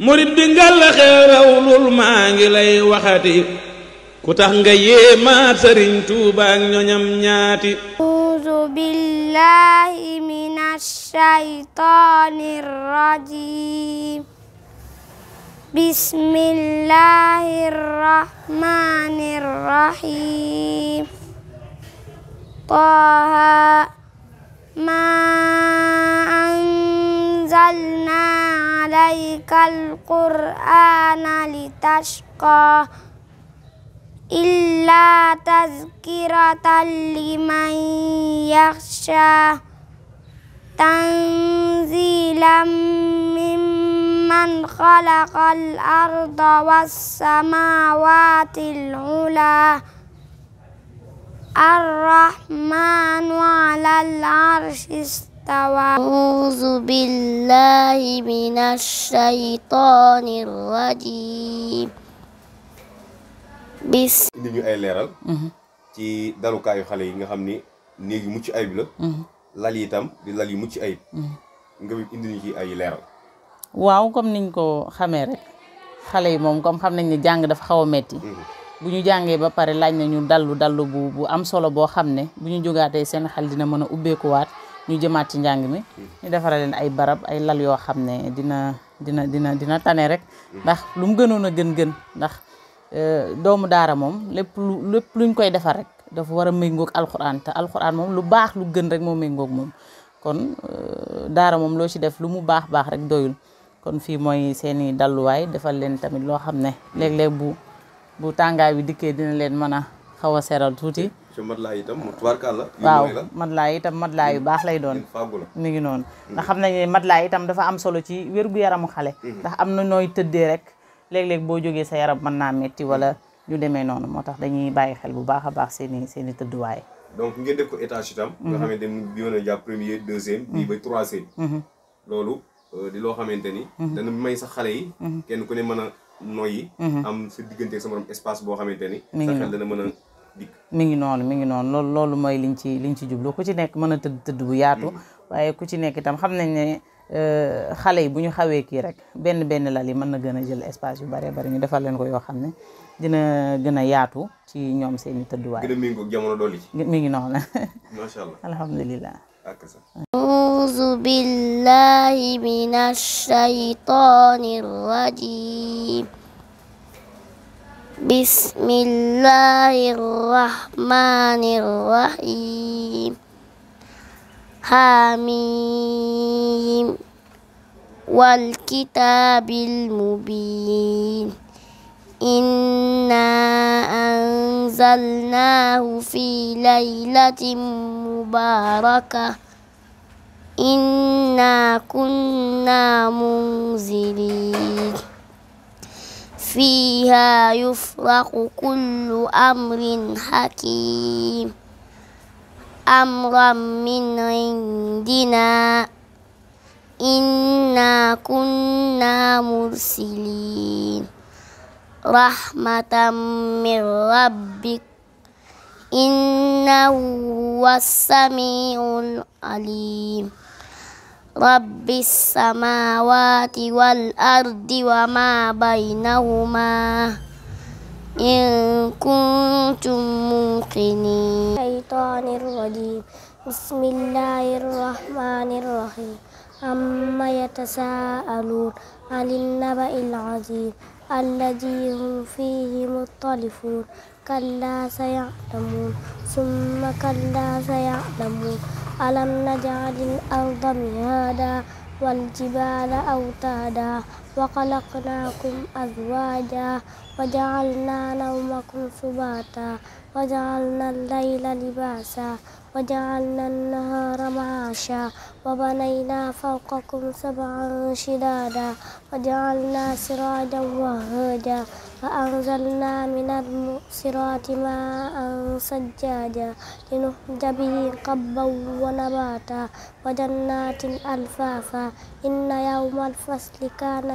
murid bi nga la xéraw lul ma ngi lay waxati ku tax nga yéema sëriñ tuuba ak ñooñam ñaati uzu billahi minashaitaanir rajim بسم الله الرحمن أنزلنا عليك القرآن لتشقى إلا تذكرة لمن يخشى تنزيلا ممن خلق الأرض والسماوات العلى الرحمن على العرش استوى أعوذ بالله من الشيطان الرجيم bis indi ñu ay leeral mhm. ci dalukaayu xale yi nga xam ni mucc ayib la mhm. lal yi di lal yu mucc ayib mhm. ay leeral waaw comme niñ ko xamee rek xale yi moom comme xam nañ ne jàng dafa xaw a metti bu ñu jàngee ba pare laaj nañu dallu dallu bu bu am solo boo xam ne bu ñu jógaatee seen xel dina mën a ubbeekuwaat ñu jëmaat ci njàng mi ñu defaral leen ay barab ay lal yoo xam ne dina dina dina dina tane rek ndax lu mu gënoon a gën-gën ndax euh, doomu daara moom lépp lu lépp luñ koy defar rek dafa war a méngoog alxuraan te alxuraan moom lu baax lu gën rek moo méngoog moom kon euh, daara moom loo ci def lu mu baax baax rek doyul kon fii mooy seeni dalluwaay defal leen tamit loo xam ne léeg-léeg bu bu tàngaay bi dikkee dina leen mën a xaw a seral tuuti matlaay itam mu tubaarkaal la. waaw matlaay itam yu baax lay doon. mi ngi noonu. Mm. ndax xam na nañu ne matlaay itam dafa am solo ci wér-gu-yaramu xale. Mm. ndax am na nooy tëddee rek léeg-léeg boo jógee sa yaram man naa métti wala mm. ñu demee noonu moo tax dañuy bàyyi xel bu baax a baax seen i seen i tëdduwaay. donc ngeen def ko étage itam. Mm-hmm. nga xamante ni bii woon jàpp premier deuxième. bii ba mm-hmm. troisième. Mm-hmm. loolu euh, di loo xamante ni. dana may sa xale yi. kenn ku ne mën a noyyi. am sa digganteeg sa morom espace ni. sa xel dana a mi ngi noonu mi ngi noonu loolu loolu mooy liñ ci liñ ci jublu ku ci nekk mën a tëdd tëdd bu yaatu mm-hmm. waaye ku ci nekk itam xam nañ ne euh, xale yi bu ñu xawee kii rek benn benn lal yi mën na gën a jël espace yu bare bari ñu defal leen ko yoo xam ne dina gën a yaatu ci ñoom seen i tëdduwaay gën a méngoo jamono dolli ci mi ngi noonu masha Allah alhamdulilah auzu billahi بسم الله الرحمن الرحيم حميم والكتاب المبين إنا أنزلناه في ليلة مباركة إنا كنا منزلين فيها يفرق كل أمر حكيم أمرا من عندنا إنا كنا مرسلين رحمة من ربك إنه هو السميع العليم رب السماوات والأرض وما بينهما إن كنتم موقنين الشيطان الرجيم بسم الله الرحمن الرحيم أما يتساءلون عن النبأ العظيم الذي هم فيه مختلفون كلا سيعلمون ثم كلا سيعلمون ألم نجعل الأرض مهادا والجبال أوتادا وخلقناكم أزواجا وجعلنا نومكم سباتا وجعلنا الليل لباسا وجعلنا النهار معاشا وبنينا فوقكم سبعا شدادا وجعلنا سراجا وهاجا فأنزلنا من المؤسرات ماء سجاجا لنهج به قبا ونباتا وجنات ألفافا إن يوم الفصل كان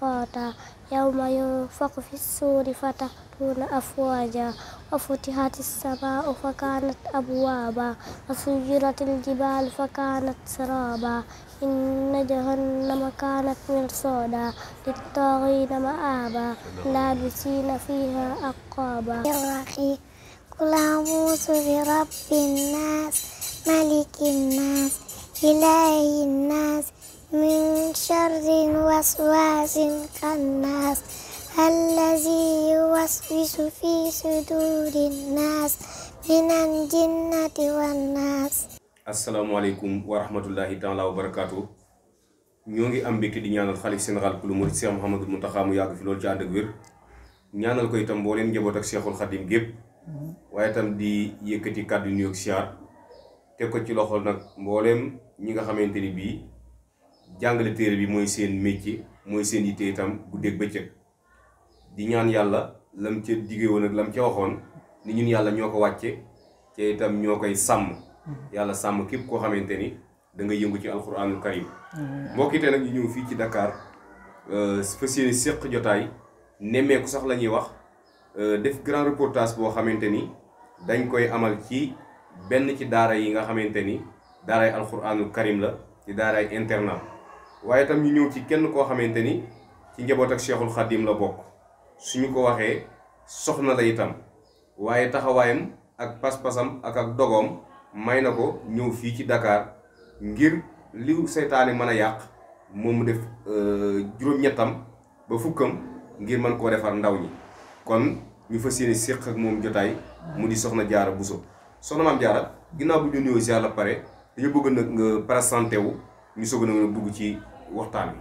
قاطع يوم ينفق في السور فتأتون أفواجا وفتحت السماء فكانت أبوابا وسجرت الجبال فكانت سرابا إن جهنم كانت مرصادا للطاغين مآبا لابسين فيها أقابا الرحيم قل أعوذ برب الناس ملك الناس إله الناس من syarrin waswasin kanas allazi yuwaswisu fi sudurin nas minan jinnati wan nas Assalamualaikum warahmatullahi taala wabarakatuh barakatuh ngi am di ñaanal xalif sénégal ku lu murid cheikh mouhamadul muntaxa mu yàgg fi loolu ci ànd ak wér ñaanal ko itam mbooleen njaboot ak cheikhul xadim gépp waaye di yëkkati kàddu nuyoog siyaar teg ko ci loxol nag mbooleem ñi nga jàngale téere bi mooy seen métier mooy seen yitte itam guddeeg bëccëg di ñaan yàlla lam ca diggee woon ak lam ca waxoon ni ñun yàlla ñoo ko wàcce te itam ñoo koy sàmm yàlla sàmm képp koo xamante ni da nga yëngu ci alquranul karim mbokk yi tey nag ñu ñëw fii ci Dakar euh, fa seen séq jotaay nemmeeku sax la ñuy wax euh, def grand reportage boo xamante ni dañ koy amal ci benn ci daara yi nga xamante ni daaray alquranul karim la ci daaray internat waaye tam ñu ñëw ci kenn koo xamante ni ci njaboot ak Cheikhul Khadim la bokk su ñu ko waxee soxna la itam waaye taxawaayam ak pas-pasam ak ak dogoom may na ko ñëw fii ci dakaar ngir li seytaane mën a yàq moom mu def euh, juróom-ñettam ba fukkam ngir mën koo defar ndaw ñi kon ñu fas yéene séq ak moom jotaay mu di soxna jaara Bousso soxna maam jaara ginnaaw bu ñu nuyoo si pare dañu bëgg nag nga présenté wu ñu soog a nag bugg ci waxtaan wi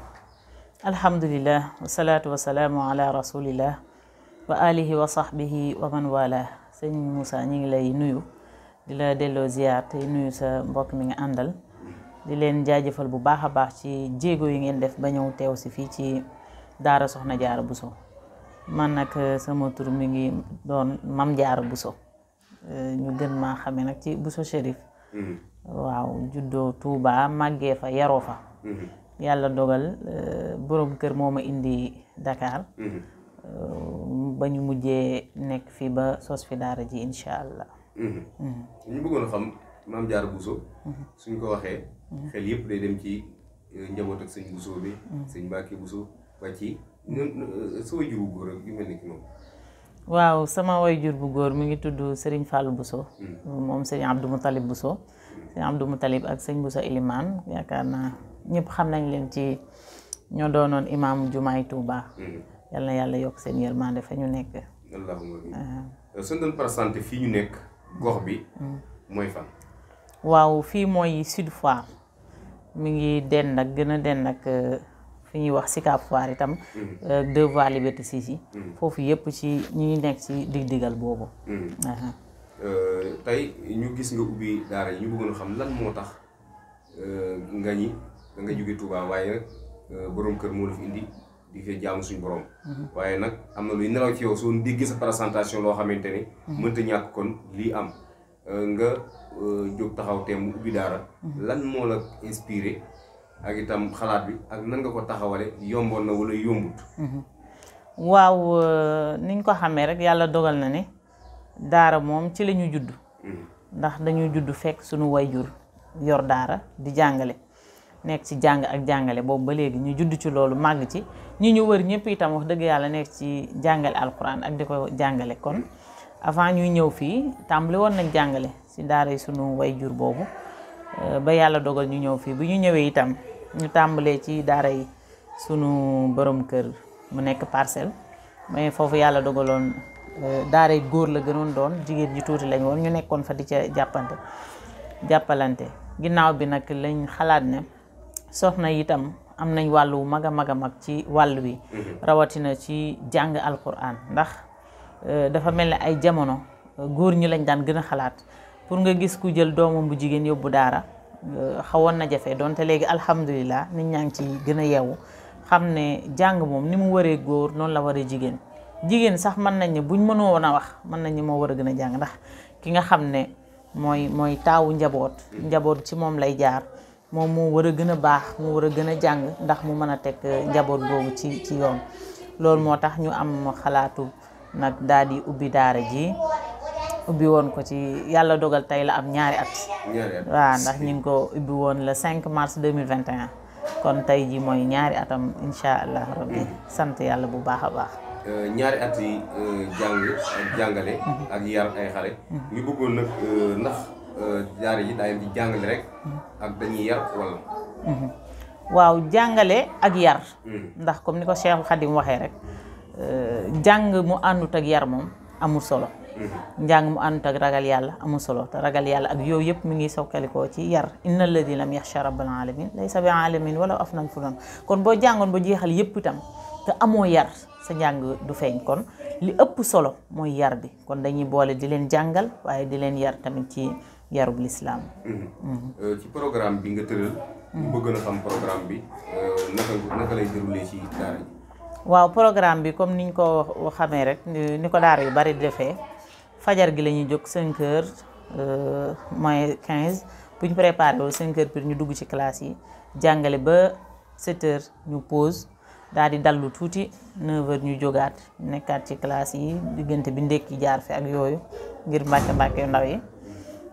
alhamdulilah wasalaatu wasalaamu ala rasulillah wa alihi wa sahbihi wa man wala sëñ Moussa ñi ngi lay nuyu di la delloo ziar tey nuyu sa mbokk mi ngi àndal di leen jaajëfal bu baax a baax ci jéego yi ngeen def ba ñëw teew si fii ci daara soxna jaara buso man nag eh, sama tur mi ngi doon mam jaara buso eh, ñu gën maa xamee nag ci buso shérif mm-hmm. waaw juddoo Touba màggee fa yaroo fa mm-hmm. yàlla dogal euh, borom kër moo ma indi Dakar. Mhm. Euh, ba ñu mujjee nekk fii ba sos fi daara ji incha allah. Mhm. Mhm. ñu bëggoon a xam maam Diarra Bousso. suñ ko waxee. xel yëpp day dem ci euh, njaboot ak sëñ Bousso bi. sëñ Mbacke Bousso ba waaw sama wajur bu góor mi ngi tudd Serigne Fallou Bousso. moom Serigne Abdou Moutalib Bousso. Serigne Abdou Moutalib ak sëñ Bousso Ilimane yaakaar naa. ñépp xam nañ leen ci ñoo doonoon imaamu jumaay Touba. Mm-hmm. yal na yàlla yokk seen yërmande fa ñu nekk. allahumma su ñu doon ñu nekk gox bi. Mm. mooy fan. waaw fii mooy Sud Foire mu ngi dend ak gën a dend ak euh, fi ñuy wax Sicap Foire itam. Mm-hmm. Euh, deux voies Liberté si yi. Mm-hmm. foofu yëpp ci ñu ngi nekk ci dig-digal boobu. Euh, tey ñu gis nga ubbi daara yi ñu bëggoon xam lan moo tax nga ñi da nga hmm. jóge Touba waaye nag eh, borom kër moo la indi di fee jaamu suñu borom. Hmm. waaye nag am na luy nelaw ci yow soo déggee sa présentation loo xamante ne. Hmm. mënta ñàkk kon lii am eh, nga eh, jóg taxaw teem bu ubbi daara. lan moo la inspiré ak itam xalaat bi ak nan nga ko taxawale yomboon na wala yombut. waaw niñ ko xamee rek yàlla dogal na ne daara moom ci la ñu judd. ndax dañuy judd fekk suñu wayjur yor daara di jàngale. nekk ci jàng ak jàngale boobu ba léegi ñu judd ci loolu màgg ci ñi ñu wër ñëpp itam wax dëgg yàlla nekk ci jàngale alquran ak di ko jàngale kon avant ñuy ñëw fii tàmbali woon nañ jàngale ci daara yi sunu way jur boobu euh, ba yàlla dogal ñu ñëw fii bu ñu ñëwee itam ñu tàmbalee ci daara yi sunu borom kër mu nekk parcelle mais foofu yàlla dogaloon euh, daara yi góor la gënoon doon jigéen ji tuuti lañ woon ñu nekkoon fa di ca jàppante jàppalante ginnaaw bi nag lañ na itam am nañ wàllu mag a mag a mag ci wàll wi mhm. rawatina ci jàng alquran ndax euh, dafa mel ne ay jamono euh, góor ñi lañ daan gën a xalaat pour nga gis ku jël doomam bu jigéen yóbbu daara euh, xawoon na jafe donte léegi alhamdulilah nit ñaa ngi ci gën a yeewu xam ne jàng moom ni mu waree góor noonu la waree jigéen jigéen sax mën nañ ne buñ mënoo woon a wax mën nañ moo war a gën a jàng ndax ki nga xam ne mooy mooy taawu njaboot mhm. njaboot ci moom lay jaar moom moo war a gën a baax mu war a gën a jàng ndax mu mën a teg euh, njaboot boobu ci ci yoon loolu moo tax ñu am xalaatu nag daal di ubbi daara ji ubbi woon ko ci yàlla dogal tey la am ñaari at waaw ndax ñu ngi ko ubbi woon le 5 mars 2021 kon tey ji mooy ñaari atam insha allah rabbi mm-hmm. sant yàlla bu baax a baax euh, ñaari at yi euh, jàng jàngale mm-hmm. ak daara yi daa jàngale rek ak dañuy yar mhm. waaw jàngale ak yar. Mhm. ndax comme ni ko Cheikh Khadim waxee rek euh, jàng mu àndut ak yar moom amul solo. Mhm. njàng mu àndut ak ragal yàlla amul solo te ragal yàlla ak yooyu yëpp mu ngi sokkalikoo ci yar inna alladi lam yaxsha rabbal alamin laysa bi alamin wala afnal fulan kon boo jàngoon ba jeexal yépp itam te amoo yar sa njàng du feeñ kon li ëpp solo mooy yar bi kon dañuy boole di leen jàngal waaye di leen yar tamit ci. yarub lislaam mm-hmm. euh, ci programme bi nga tëral. ñu mm-hmm. bëgg a xam programme bi euh, naka lay déroulé ci daara ji. waaw programme bi comme niñ ko xamee rek ni ko daar yu bari defee fajar gi la ñuy jóg 5 heures euh, moins 15 bu ñu préparé wu pour ñu dugg ci classe yi jàngale ba 7 ñu pause daal di dallu tuuti 9 heures ñu jógaat nekkaat ci classe yi diggante bi ndekki jaar fi ak yooyu ngir mbàkke mbàkke ndaw yi.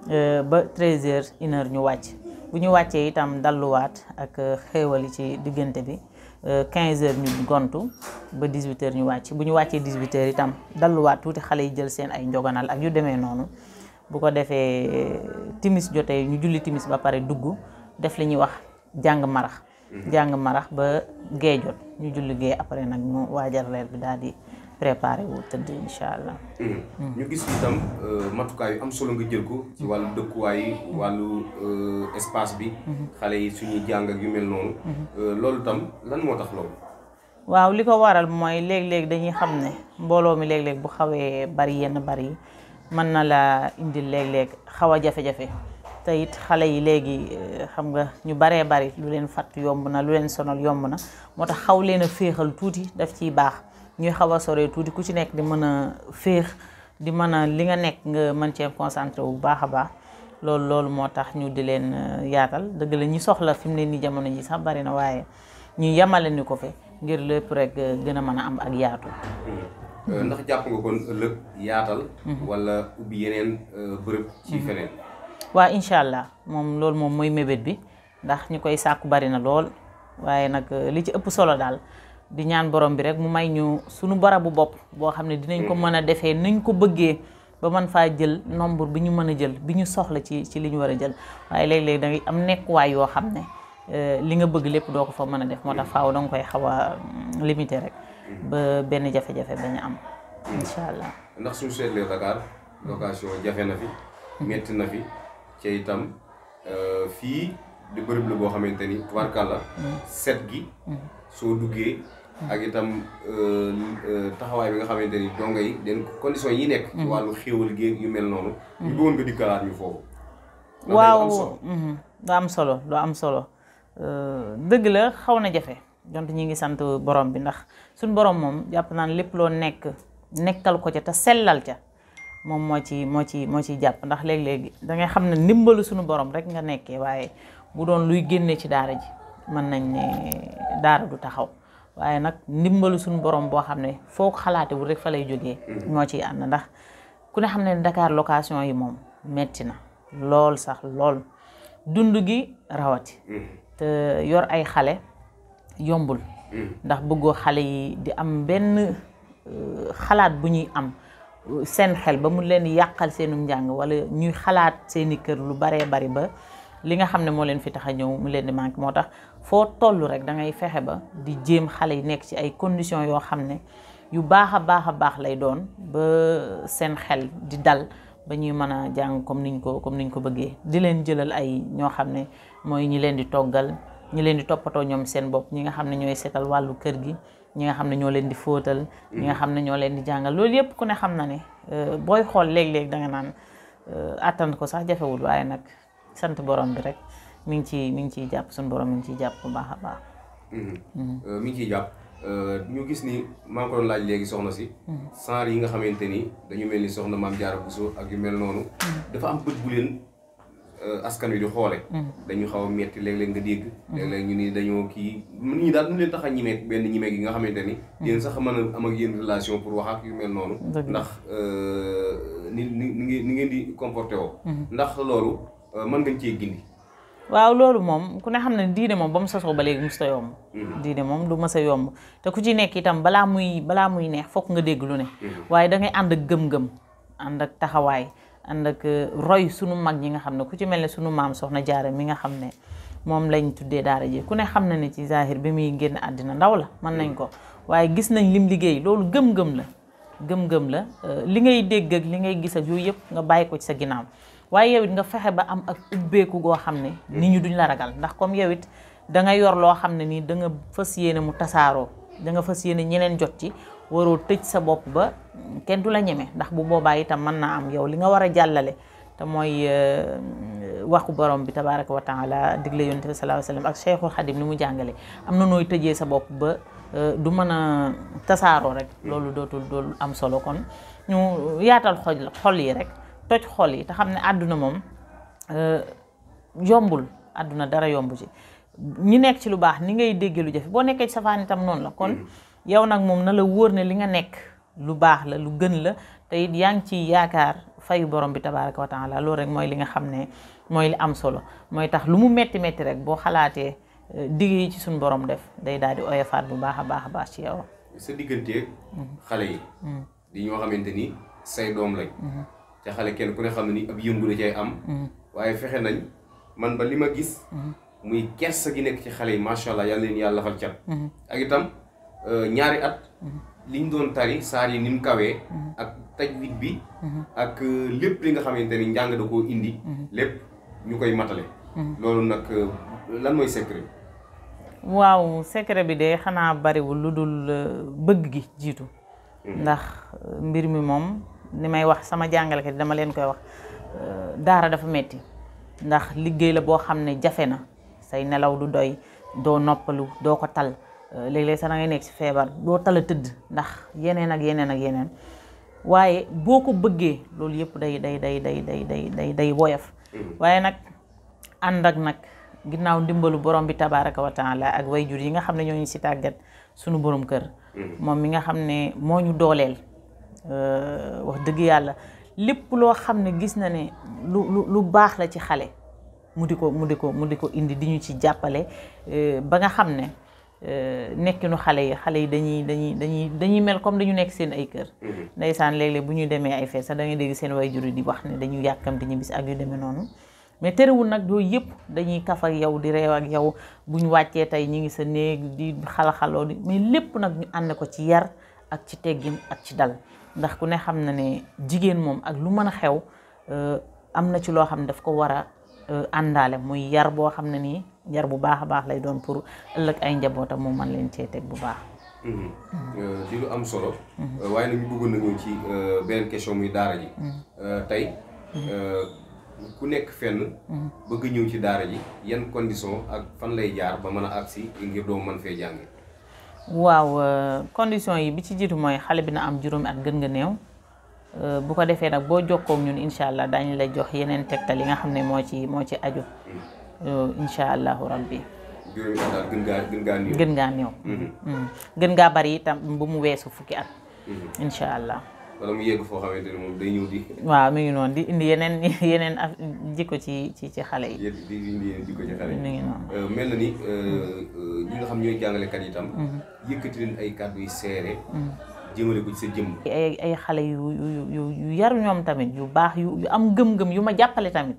Euh, ba 13 heures ñu wàcc bu ñu wàccee itam dalluwaat ak euh, xéewal yi ci diggante bi 15 euh, heures ñu gontu ba 18 heures ñu wàcc bu ñu wàccee 18 heures itam dalluwaat tuuti xale yi jël seen ay njoganal ak yu demee noonu bu ko defee timis jotee ñu julli timis ba pare dugg def li ñuy wax jàng marax mhm. jàng marax ba gee ñu julli gee après nag ñu waajal reer bi daal di préparé wu tëdd incha allah. Hmm. Hmm. ñu gis itam euh, matukaay yu am solo nga jël ko. ci wàllu dëkkuwaay hmm. wàllu euh, espace bi. xale yi suñuy jàng ak yu mel noonu. Euh, loolu tam lan moo tax loolu. waaw li ko waral mooy léeg-léeg dañuy xam ne mbooloo mi léeg-léeg bu xawee bari yenn bari yi mën na laa indil léeg-léeg xaw a jafe-jafe. te xale yi léegi xam nga ñu baree bari lu leen fatt yomb na lu leen sonal yomb na moo tax xaw leen a féexal tuuti daf ciy baax ñuy xaw a sore tuuti ku ci nekk di mën a féex di mën a li nga nekk nga mën cee concentré bu baax a baax loolu loolu moo tax ñu di leen euh, yaatal dëgg la ñi soxla fi mu ne nii jamono ji sax bari na waaye ñu yemale ni ko fi ngir lépp rek euh, gën a mën a am ak yaatu. Euh, ndax jàpp nga kon ëllëg yaatal. Mhm. wala ubbi yeneen bërëb. ci mhm. feneen. waaw incha allah moom loolu moom mooy mébét bi ndax ñu koy sàkku bari na lool waaye nag li ci ëpp solo daal. di ñaan borom bi rek mu may ñu suñu barabu bop bo xamne dinañ ko mëna défé nañ ko bëggé ba man fa jël nombre biñu mëna jël biñu soxla ci ci liñu wara jël waye léeg-léeg da ngay am way yo xamne euh li nga bëgg lepp do ko fa mëna def motax faaw da koy mm, limité rek ba ben jafé jafé bañ am inshallah allah ndax suñu seetlee Dakar location jafé na fi metti na fi ci itam euh, fi di bërëb lu bo xamanteni ni mm. set gi mm. so duggé ak itam euh, euh, taxaway bi nga xamanteni do donga yi den condition yi nek mhm. walu xewul gi yu mel nonu ñu bëggoon nga dikkalaat ñu fofu waaw do am solo mhm. do am solo deug la xawna jafé jafe jont ñi ngi sant borom bi ndax suñ borom mom japp naan lepp lo nek nekkal ko ca ta selal ca mom mo ci mo ci mo ci japp ndax leg leg da ngay xamne suñu borom rek nga nekké waye bu doon luy génne ci daara ji man nañ ne daara du taxaw waye nak ndimbalu sun borom bo xamne fo xalaté xalaatewul rek fa lay jógee moo mm-hmm. ciy ànd ndax ku ne xamne Dakar location yi mom metti na lol sax lol dundu gi rawati mm-hmm. te yor ay xalé yombul mm-hmm. ndax bëggo xalé yi di am ben euh, xalaat bu ñuy am sen xel ba mu leen yakal senu njang wala ñuy xalaat seeni kër lu bare bare ba li nga xamne mo leen fi tax leen di manki motax fo tollu rek da ngay fexé ba di jëm xalé yi nekk ci ay condition yo xamné yu baaxa baaxa baax lay doon ba sen xel di dal ba ñuy mëna jang comme niñ ko comme niñ ko bëggé di leen jëlal ay ño xamné moy ñi leen di toggal ñi leen di topato ñom sen bop ñi nga xamné ñoy sétal walu kër gi ñi nga xamné ño leen di fotal ñi nga xamné ño leen di jangal lool yépp ku ne xam na ne euh, booy xool lég da nga naan euh, attendre ko sax wul waye nak sante borom bi rek mi ngi ciy mi ngi ciy jàpp suñu borom mi ngi ciy jàpp bu baax a baax. Mhm. Mhm. Euh, mi ngi ciy jàpp euh, ñu gis ni maa ngi laaj léegi soxna si. Mhm. saar yi nga xamante ni dañu mel ni soxna maam jaar Bousso ak yu mel noonu. dafa am bët bu leen euh, askan dañu xaw a metti léeg-léeg nga dégg. léeg-léeg ñu ni kii nit ñi daal tax a ñimeeg benn ñimeeg yi nga xamante ni. yéen sax a am ak yéen relation pour wax ak yu mel noonu. ndax ni ni ngeen di comporté woo. ndax loolu mën nga cee gindi. waaw loolu moom ku ne xam ne diine moom ba mu sosoo ba léegi musta yomb mhm. diine moom du ma sa yomb te ku ci nekk itam balaa muy balaa muy neex fokk nga dégg lu ne mhm. waaye da ngay ànd ak gëm-gëm ànd ak taxawaay ànd ak euh, roy sunu mag ñi nga xam ne ku ci mel ne sunu maam soxna jaare mi nga xam ne moom lañ tuddee daara ji ku ne xam na ne ci zahir bi muy génn àddina ndaw la mën nañ mhm. ko waaye gis nañ lim liggéey loolu gëm-gëm la gëm-gëm la euh, li ngay dégg ak li ngay gis ak yëpp nga bàyyi ko ci sa ginnaaw waye yow nga fexé ba am ak ubbeeku go xamné ne nit ñi duñ la ragal ndax comme yow it da nga yor lo xamné ne da nga fas yéene mu tasaaroo da nga fas yéene ñeneen jot ci waro tejj sa bop ba kenn du la ndax bu boba itam am yow li nga wara jallalé jàllale moy euh, waxu borom bi tabarak wa taala digle yonte bi alayhi wasallam ak cheikhul xadim ni mu jàngalé am noy tejjé sa bop ba euh, du mëna a rek loolu dootul doolu am solo kon ñu yaatal xol xol yi rek toj xol yi te xam ne àdduna moom euh, yombul àdduna dara yomb ci ñi nekk ci lu baax ni ngay déggee lu jafe boo nekkee ci safaan itam noonu la kon mm. yow nag moom na la wóor ne li nga nekk lu baax la lu gën la te it yaa ngi ciy yaakaar fayu borom bi tabaraka wa taala loolu rek mooy li nga xam ne mooy li am solo mooy tax lu mu metti metti rek boo xalaatee euh, digg yi ci suñ borom def day daal di oyofaat bu baax a baax a baax ci yow. sa diggante mm-hmm. xale yi. Mm. di ñoo xamante ca xale kenn ku ne xam ne ni ab yëngu da am mm-hmm. waaye fexe nañ man ba li ma gis mm-hmm. muy kersa gi nekk ci xale yi macha allah yàlla leen yàlla lafal cat mm-hmm. ak itam euh, ñaari at liñ doon tari saar yi ni mu kawee ak tajwid bi ak euh, lépp li nga xamante ni njàng da koo indi lépp ñu koy matale loolu nag euh, lan mooy secret waaw secret bi de xanaa bariwul lu dul bëgg gi jiitu ndax mbir mi moom ni may wax sama kat dama len koy wax euh, dara dafa metti ndax liggey la bo xamne jafena say nelaw du doy do noppalu do ko tal euh, leg leg sa nga nek ci febar do tal teud ndax yenen ak yenen ak yenen waye boko beugé lolou yep day day day day day day day day boyef mm-hmm. waye nak andak nak ginnaw dimbalu borom bi tabarak wa taala ak wayjur yi nga xamne ne ñooñu si tàggat sunu borom kër mom mm-hmm. mi nga xamne moñu dolel Euh, wax dëgg yàlla lépp loo xam ne gis na ne lu lu baax la ci xale mu di ko mu di ko mu di ko indi di ñu ci jàppale euh, ba nga xam ne euh, nekkinu xale yi xale yi dañuy dañuy dañuy dañuy mel comme dañu nekk seen ay kër mhm. ndeysaan léeg-léeg bu ñu demee ay fees sax da ngay dégg seen waajur yi di wax ne dañu yàkkamti ñu bis ak yu demee noonu mais terewul nag yooyu yëpp dañuy kaf ak yow di reew ak yow bu ñu wàccee tey ñu ngi sa néeg di xalaxaloo mais lépp nag ñu ànd ko ci yar ak ci teggin ak ci dal ndax ku ne xam na ne jigéen moom ak lu mën a xew euh, am na ci loo xam ne daf ko war a euh, àndaale muy yar boo xam ne nii yar bu baax a baax lay doon pour ëllëg ay njabootam mu mën leen cee teg bu baax. ci mm-hmm. mm-hmm. euh, lu am solo. Mm-hmm. waaye nag ñu bëggoon nañu ci beneen question muy daara ji. tey. ku nekk fenn bëgg ñëw ci daara ji yan condition ak fan lay jaar ba mën a agsi ngir doo mën fee jànge waaw euh, condition yi bi ci jiitu mooy xale bi na am juróomi at gën nga néew euh, bu ko defee nag boo jox jokkoo ñun incha allah daañu la jox yeneen tegtal yi nga xam ne moo ci moo ci aju euh, incha allahu rabbi juróomi at daal gën ngaa néew gën ngaa mhm. mm-hmm. bari itam bu mu weesu fukki at mhm. incha allah wala mu waaw mi ngi noonu di indi yeneen yeneen af jikko ci ci ci xale yi di ngi noonu mel na ni xam ñooy jàngalekat yi tam. Mm-hmm. yëkkati leen ay kàddu yu seere. Mm-hmm. jëmale ko ci sa jëmm. ay xale yu yu ñoom tamit yu baax yu am gëm-gëm yu ma jàppale tamit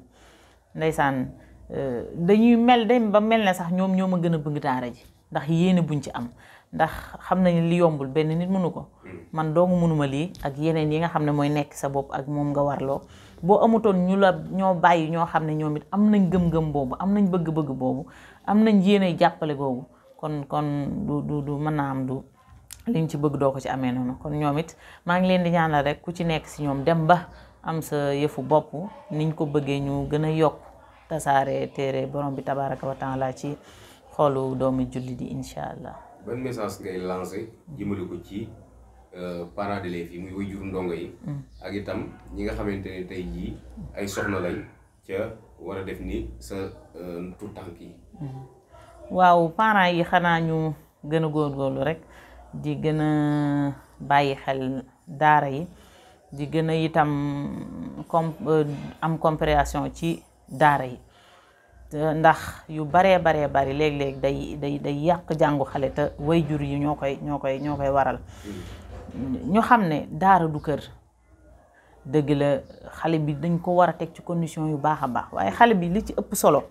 ndeysaan euh, dañuy mel dem ba mel ne sax ñoom ñoo ma gën a bëgg ji ndax yéene buñ ci am ndax xam nañ li yombul benn nit mënu ko mm. man doomu mënuma lii ak yeneen yi nga xam ne mooy nekk sa bopp ak moom nga warloo boo amutoon ñu la ñoo bàyyi ñoo xam ne ñoom it am nañ gëm-gëm boobu am nañ bëgg-bëgg boobu am nañ yéene jàppale googu kon kon du du du mën am du liñ ci bëgg do ko ci amé noonu kon ñoom it ngi leen di ñaanal rek ku ci nekk ci ñom dem ba am sa yëfu bop niñ ko bëggee ñu gëna yok yokk téré borom bi tabarak wa taala ci xolu doomi julli di inshallah ben message ngay lancé jëmale ko ci euh, parents les fi muy waajur ndonga yi. Mm. ak itam ñi nga tay ji ay soxna lay ca wara def ni sa euh tout waaw parents yi xanaa ñu gën a góorlu rek di gën a bàyyi xel daara yi di gën itam com euh, am ci daara yi ndax yu baree baree bari léeg-léeg day day day yàq jàngu xale te waajur yi ñoo koy ñoo koy ñoo koy waral ñu xam ne daara du kër dëgg la xale bi dañ ko war a teg ci condition yu baax a baax waaye xale bi li ci ëpp solo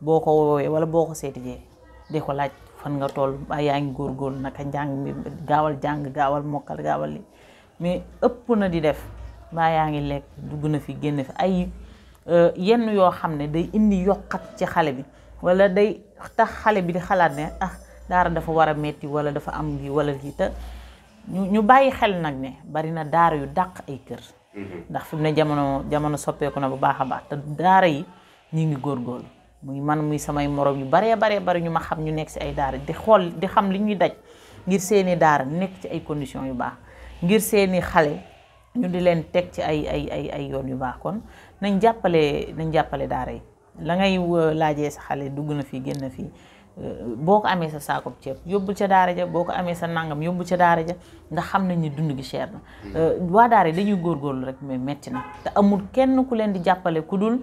boo ko woowee wala boo ko seetijee di ko laaj fan nga toll ba yaangi jang gor naka jang mi gawal jang gawal mokal gawal li mais na di def ba yaangi lek lekk na fi genn fi ay euh, yenn yo xamne day indi yokkat ci xale bi wala day tax xale bi di xalaat ne ah daara dafa wara metti wala dafa am gi wala gi ta ñu bayyi xel nak ne bari na daara yu dak ay kër mm-hmm. ndax fimne jamono jamono soppeku na bu ba ta yi ñi ngi gor muy man muy samay morom yu bare baree bari ñu ma xam ñu nekk ci ay daara di xool di xam li ñuy daj ngir seeni daara nekk ci ay conditions yu baax ngir seeni xale ñu di leen teg ci ay ay ay ay yoon yu baax kon nañ jàppale nañ jàppale daara yi la ngay uh, laajee sa xale dugg na fii génn fii uh, boo ko amee sa saakoob ceeb yóbbul ca daara ja boo ko amee sa nangam yóbbu ca daara ja nga xam nañ ni dund gi cher na uh, waa daara yi dañuy góorgóorlu rek mais metti na te amul kenn ku leen di jàppale ku dul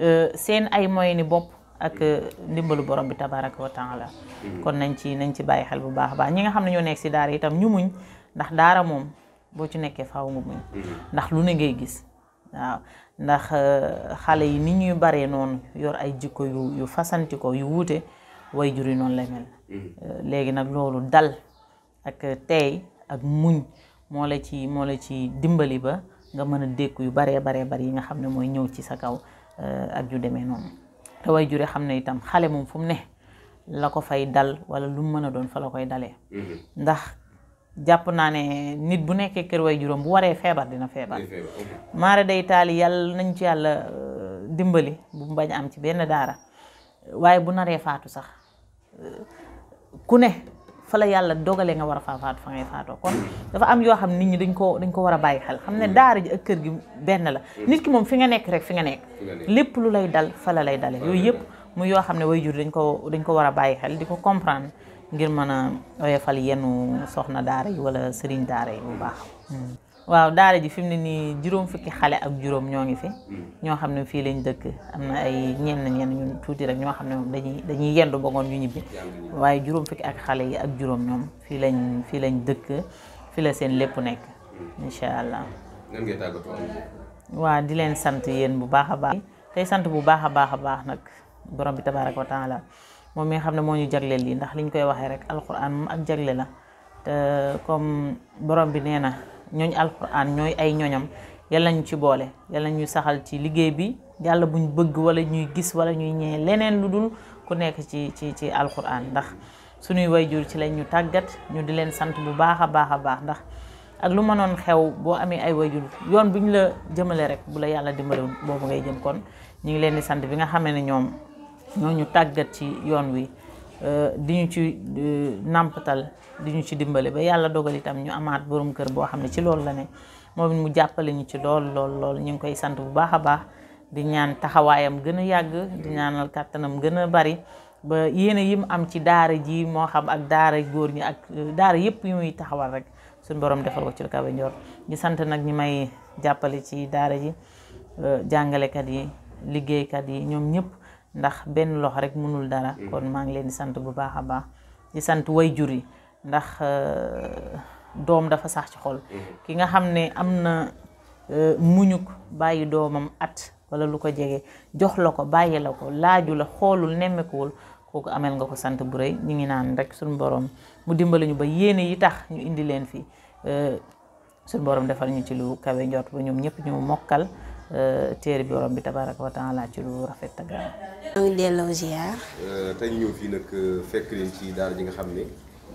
Euh, seen ay moyens ni bopp ak euh, ndimbalu borom bi tabarako wa la hmm. kon nañ ci nañ ci bàyyi xel bu baax a baax ñi nga xam ne ñoo nekk si daara itam ñu muñ ndax daara moom boo ci nekkee faw nga muñ hmm. ndax lu ne ngay gis waaw ndax euh, xale yi ni ñuy baree noonu yor ay jikko yu yu fasanti ko yu wuute way jur yi noonu la mel hmm. léegi nag loolu dal ak tey ak muñ moo la ci moo la ci dimbali ba nga mën a dékku yu baree baree bari yi nga xam ne mooy ñëw ci sa kaw Euh, ak ju demee noonu te way jure xam ne itam xale moom fu ne la ko fay dal wala lu mën a doon fa la koy dale mhm. ndax jàpp naa ne nit bu nekkee kër way juróom bu waree feebar dina feebar maara day taali yàlla nañ ci yàlla euh, dimbali bu mu am ci benn daara waaye bu naree faatu sax euh, ku ne fa la yàlla dogalee nga war a faa faatu fa ngay faatoo kon dafa am yoo xam nit ñi dañ ko dañ ko war a bàyyi xel xam ne mm-hmm. daara ji ak kër gi benn la mm-hmm. nit ki moom fi nga nekk rek fi nga nekk lépp lu lay dal fa lay dale yooyu yëpp mu yoo xam ne way jur dañ ko dañ ko war a bàyyi xel di ko comprendre ngir mën a oyofal yenn soxna daara yi wala sëriñ daara yi bu baax mm. waaw daara ji fi mu ne nii juróom fukki xale ak juróom ñoo ngi fi mm. ñoo xam ne fii lañ dëkk am na ay ñenn ñenn ñun tuuti rek ñoo xam ne moom dañuy dañuy yendu ba ngoon ñu ñibbi waaye juróom fukki ak xale yi ak juróom ñoom fii lañ fii lañ dëkk fii la seen lépp nekk mm. incha allah waa di leen sant yéen bu baax a baax tey sant bu baax a baax a baax nag borom bi tabaaraka wa taala moom mi nga xam ne moo ñu jagleel lii ndax liñ koy waxee rek alquran moom ak jagle la te comme borom bi nee na ñooñ alquran ñooy ay ñoñam yàlla ñu ci boole yàlla ñu saxal ci liggéey bi yàlla ñu bëgg wala ñuy gis wala ñuy ñee leneen lu dul ku nekk ci ci ci alquran ndax suñuy jur ci lañ ñu tàggat ñu di leen sant bu baax a baax a baax ndax ak lu mënoon xew boo amee ay way wayjur yoon bu ñu la jëmalee rek bu la yàlla dimbalewul boobu ngay jëm kon ñu ngi leen di sant bi nga xamee ne ñoom ñoo ñu tàggat ci yoon wi Euh, di ñu ci euh, nàmpatal di ñu ci dimbale ba yàlla dogal itam ñu amaat borom kër boo xam ne ci loolu la ne moom it mu jàppale ñu ci lool lool lool ñu ngi koy sant bu baax a baax di ñaan taxawaayam gën a yàgg di ñaanal kàttanam gën a bari ba yéen yim am ci daara ji moo xam ak daara góor ñi ak euh, daara yëpp yu muy taxawal rek suñ borom defal ko ci kaw njor ñu sant nag ñi may jàppale ci daara ji jàngalekat yi liggéeykat yi ñoom ñëpp. ndax benn loxo rek mënul dara mm-hmm. kon maa ngi leen di sant bu baax a baax di sant way jur yi ndax euh, doom dafa sax ci xol mm-hmm. ki nga xam ne am na euh, muñuk bàyyi doomam at wala lu ko jege jox la ko bàyyi la ko laaju la xoolul nemmekuwul kooku amel nga ko sant bu rëy ñu ngi naan rek suñ borom mu dimbali ñu ba yéene yi tax ñu indi leen fii euh, suñu borom defal ñu ci lu kawe njort ba ñoom ñëpp ñu mokkal téere bi borom bi tabaraka wa taala ci lu rafet ak gaaw. ñoo ngi delloo ziar. Euh, tey ñu ñëw fii nag euh, fekk leen ci daara ji nga xam ne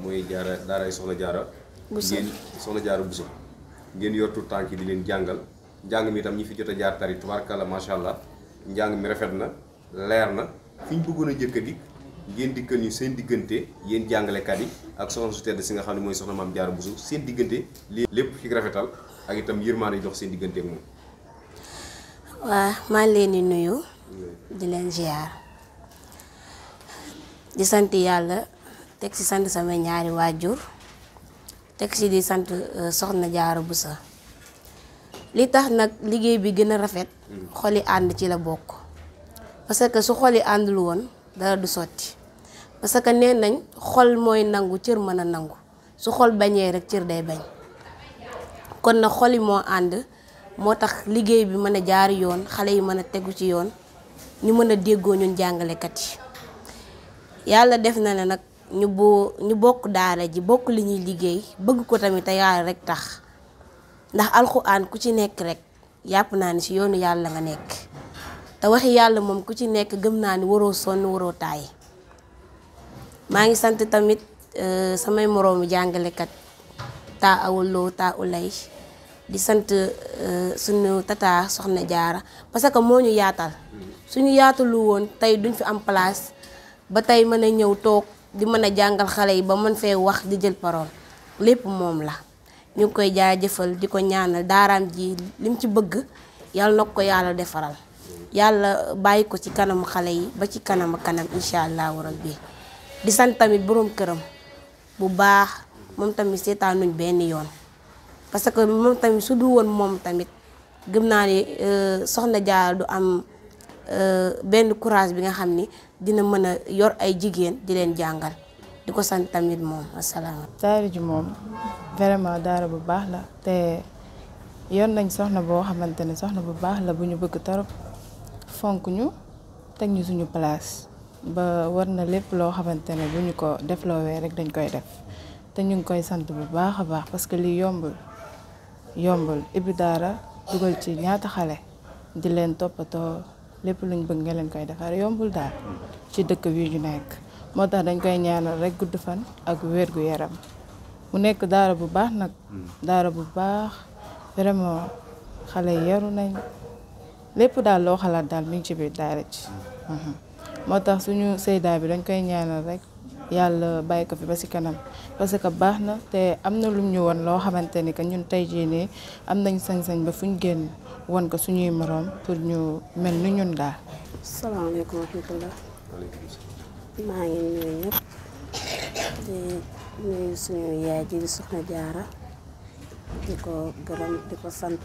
mooy jaara daaraay soxna jaara. Bousso ngeen soxna jaara Bousso ngeen yortu tànk di leen jàngal njàng mi ñi fi jot a jaar tari allah njàng mi rafet na leer na ñu bëggoon a jëkk a dikk ngeen dikkal ñu seen diggante yéen jàngalekat yi ak soxna su tedd si nga xam ne mooy soxna maam jaara Bousso seen diggante lépp ci rafetal ak itam yërmaane yi dox seen diggante moom. waa maa ngi leen di nuyu di leen ziar di sant yàlla teg ci sant sama ñaari waajur teg ci di sant euh, soxna jaaro bu sax li tax nag liggéey bi gën a rafet xoli ànd ci la bokk parce que su xoli àndul woon dara du sotti parce que nee nañ xol mooy nangu cër mën a nangu su xol bañee rek cër day bañ kon na xoli moo ànd moo tax liggéey bi mën a jaar yoon xale yi mën a tegu ci yoon ñu mën a déggoo ñun jàngalekat yi yàlla def na ne nag ñu boo ñu bokk daara ji bokk li ñuy liggéey bëgg ko tamit te yàlla rek tax ndax alxuraan ku ci nekk rek yàpp naa ni ci yoonu yàlla nga nekk te waxi yàlla moom ku ci nekk gëm naa ni waroo sonn waroo taay maa ngi sant tamit euh, samay moroomu jàngalekat taa awaloo taa ulay di sant eh, sunu tata soxna jaara parce que moñu yaatal suñu lu won tay duñ fi am place ba tay meuna ñew tok di meuna jangal xalé yi ba man fe wax di jël parole lepp mom la ñu koy di ñaanal daaraam ji lim ci bëgg yalla na ko defaral yalla bayiko ci kanam xalé yi ba ci kanam kanam inshallah rabbi di sant tamit borom kërëm bu baax mom tamit sétanuñ ben yoon parce que mom tamit su du won mom tamit gëm na ni euh, soxna du am euh, benn courage bi nga xamni dina mëna yor ay jigen di len jangal di sant tamit mom asalaamaaleykum. daara ju mom vraiment daara bu baax la te yoon nañ soxna bo xamante soxna bu baax la buñu bëgg torop fonk ñu tek ñu suñu place ba warna lepp lo loo buñu bu ñu ko defloowee rek dañ koy def té ñu ngi koy sant bu baaxa baax parce que li yombul. yombul ibbi daara dugal ci ñaata xale di leen toppatoo lépp luñ bëgg nga leen koy defar yombul daal ci dëkk yu ñu nekk moo tax dañ koy ñaanal rek gudd fan ak wér gu yaram mu nekk daara bu baax nag daara bu baax vraiment xale yaru nañ lépp daal loo xalaat daal mi ngi ci biir daara ci mm. moo tax suñu seydaa bi dañ koy ñaanal rek yalla baye ko fi ba ci kanam parce que baxna na te lu ñu won lo xamanteni ni ñun tay jii nii am nañ sañ-sañ ba fuñu genn won ko suñuy morom pour ñu mel ni ñun assalamu alaykum wa ngi sant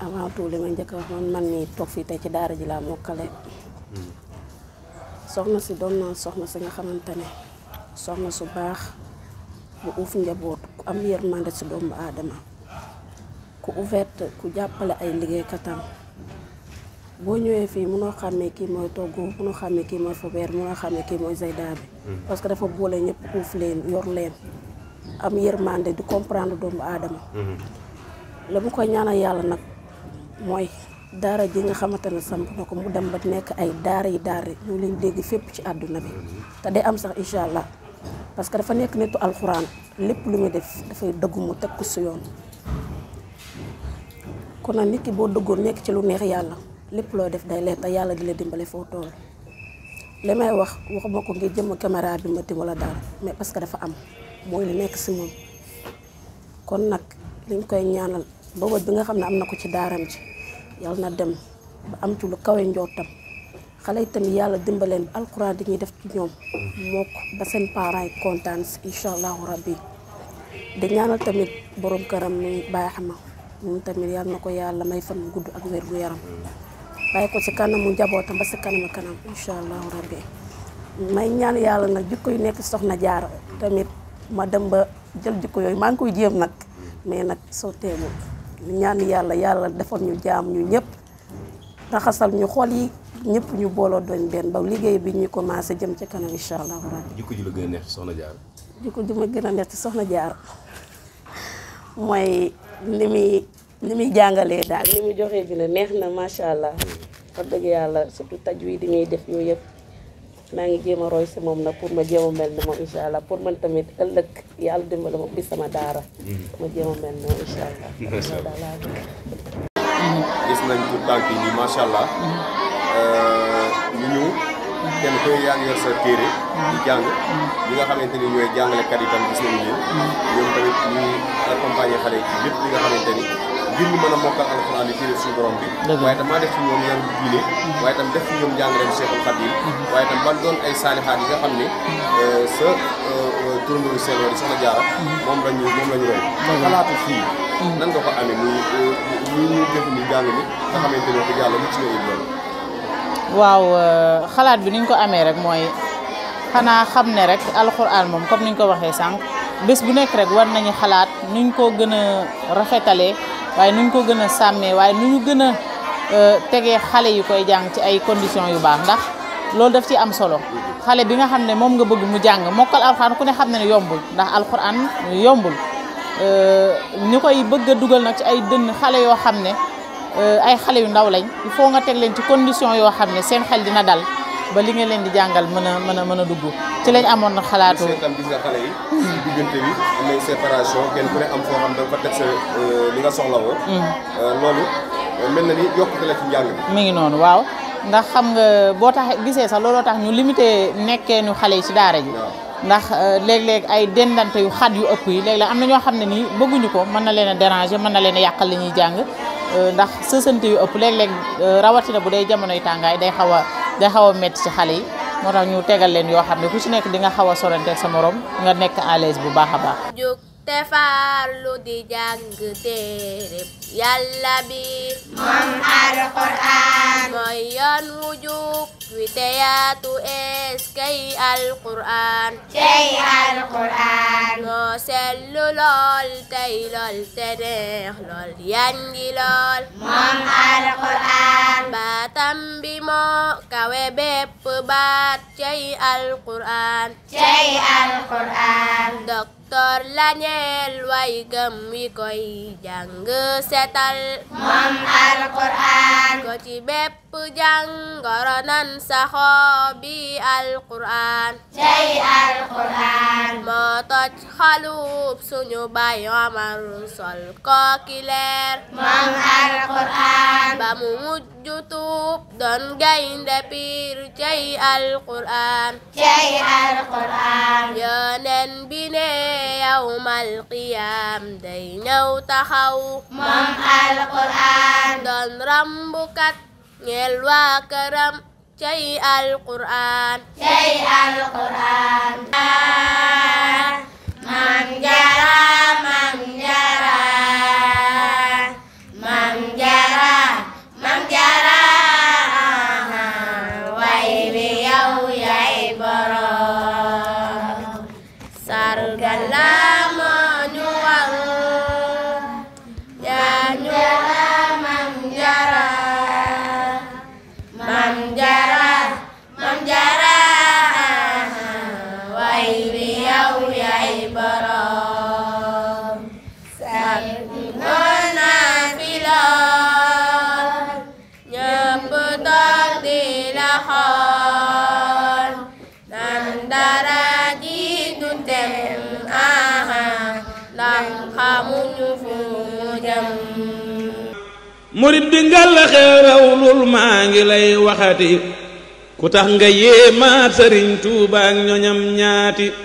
avant tout man man soxna si doon na soxna si nga xamante ne soxna su baax bu uuf njaboot ku am yërmande si doomu aadama ku ouverte ku jàppale ay liggéeykatam boo ñëwee fii munoo xàmmee kii mooy togg munoo xàmmee kii mooy fobeer munoo xàmmee kii mooy zayda bi hmm. parce que dafa boole ñëpp uuf leen yor leen am yërmande di comprendre doomu aadama hmm. la mu koy ñaanal yàlla nag mooy daara ji nga xamante ne samp na ko mu dem ba nekk ay daara yi daara ñu ngi leen dégg fépp ci àdduna bi te day am sax incha allah parce que dafa nekk nitu alxuraan lépp lu muy def dafay dëggu mu ko si yoon. kon nag nit boo dëggoon nekk ci lu neex yàlla lépp loo def day leer te yàlla di la dimbale foo tool li may wax waxuma ko ngir jëm caméra bi ma ti wala daal mais parce que dafa am mooy lu nekk si moom kon nag liñ koy ñaanal boobu bi nga xam ne am na ko ci daaram ji yàlla na dem ba am ci lu kawe njortam xale yi tamit yàlla dimbaleen ba alxuraan di ñuy def ci ñoom mook ba seen parents yi kontaan si incha allahu rabbi di ñaanal tamit boroom këram muy baax ma moom tamit yàlla na ko yàlla may fan bu gudd ak wér gu yaram waaye ko si kanamu njabootam ba si kanam kanam incha allahu rabbi may ñaan yàlla nag jikko yu nekk soxna jaar tamit ma dem ba jël jikko yooyu maa ngi koy jéem nag mais nag soo teemul ñaan yàlla yàlla defal ñu jaam ñu ñëpp raxasal ñu xol yi ñëpp ñu booloo doon benn ba liggéey bi ñu commencé jëm ci kanam incha allah rabbi. jikko ji la gën a neex ci soxna jaar. gën a neex soxna jaar mooy ni muy ni muy jàngalee daal. ni muy joxee bi ne neex na macha allah. Hmm. wax dëgg yàlla surtout taj wi di ñuy def yooyu yëpp. maa ngi jéem roy si moom nag pour ma jéem a mel ni moom incha allah pour man tamit ëllëg yàlla dimbali ma ubbi sama daara. Hmm. ma jéem a mel ni moom incha allah. gis nañ pour tànk yi macha allah. Hmm. Euh, ñu ñëw. Hmm. kenn koy yaa ngi yor sa téere di jàng ñi nga xamante yi tam gis nañu leen. yi ci lépp nga xamante ngir ñu mën a mokkal alxuraan yi téere suñu borom bi waaye tam maa def ñoom yar diine hmm. waaye tam def ci ñoom njàngaleem Cheikhul Khadim hmm. waaye tam ban doon ay saalihaat yi nga xam ne hmm. eh, sa eh, eh, turandoo seen wala soxna jaara moom lañu moom lañu roy xalaatu fii nan nga ko amee muy muy ñu def ni jàng ni nga xamante ne ko yàlla mu ci yooyu loolu waaw xalaat bi niñ ko amee rek mooy xanaa xam ne rek moom comme ko waxee sànq bés bu nekk rek war nañu xalaat nuñ ko gën a rafetalee waaye nu ñu ko gën a sàmmee waaye nu ñu gën a euh, tegee xale yi koy jàng ci ay conditions yu baax ndax loolu def ci am solo xale bi nga xam ne moom nga bëgg mu jàng mokkal alxuraan ku ne xam ne ne yombul ndax alxuraan yombul euh, ñu koy bëgg a dugal nag ci ay dënn xale yoo xam ne euh, ay xale yu ndaw lañ il faut nga teg leen ci condition yoo xam ne seen xel dina dal ba li ngeen leen di jàngal mën a mën a mën a dugg ci lañ amoon na xalaatu seetam gis nga xale diggante bi am ay séparation kenn euh, mm. euh, euh, ngi noonu waaw ndax xam nga boo tax gisee sax looloo tax ñu limité nekkee nu xale yi ci daara ji ndax léeg-léeg ay dendante yu xat yu ëpp yi léeg-léeg am na ñoo xam ne nii bëgguñu ko mën na leen a déranger mën na leen a yàqal li ñuy jàng ndax sësante yu ëpp léeg-léeg rawatina bu day jamonoy tàngaay day xaw a day xaw a métti ci xale yi moo tax ñu tegal leen yoo xam ne ku ci nekk di nga xaw a sorante sa morom nga nekk à bu baax a baax. jóg te farlu di jàng téere yàlla bi. moom alquran. mooy yoon wu jub. Witeyatu es kay alquran kay alquran moo sellu lool tey lool te neex lool yangi lool moom alquran baatam bi moo kawe bépp baat cay alquran cay alquran docteur la ñeel way gëm wi koy jàng setal moom alquran ko goronan sahobi Al-Quran Jai Al-Quran Motot sunyu bayu amarun sol kokiler Mang Al-Quran Bamu YouTube don gain dapir Jai Al-Quran Jai Al-Quran Yonen ya bine kiam qiyam dainaw tahau. Mang Al-Quran Don rambukat ñeel waa këram cay alquraan cay alquraan di ngal la maa ngi lay waxati ku tax nga yéemaat sëriñ Tuubaa ak ñoñam ñaati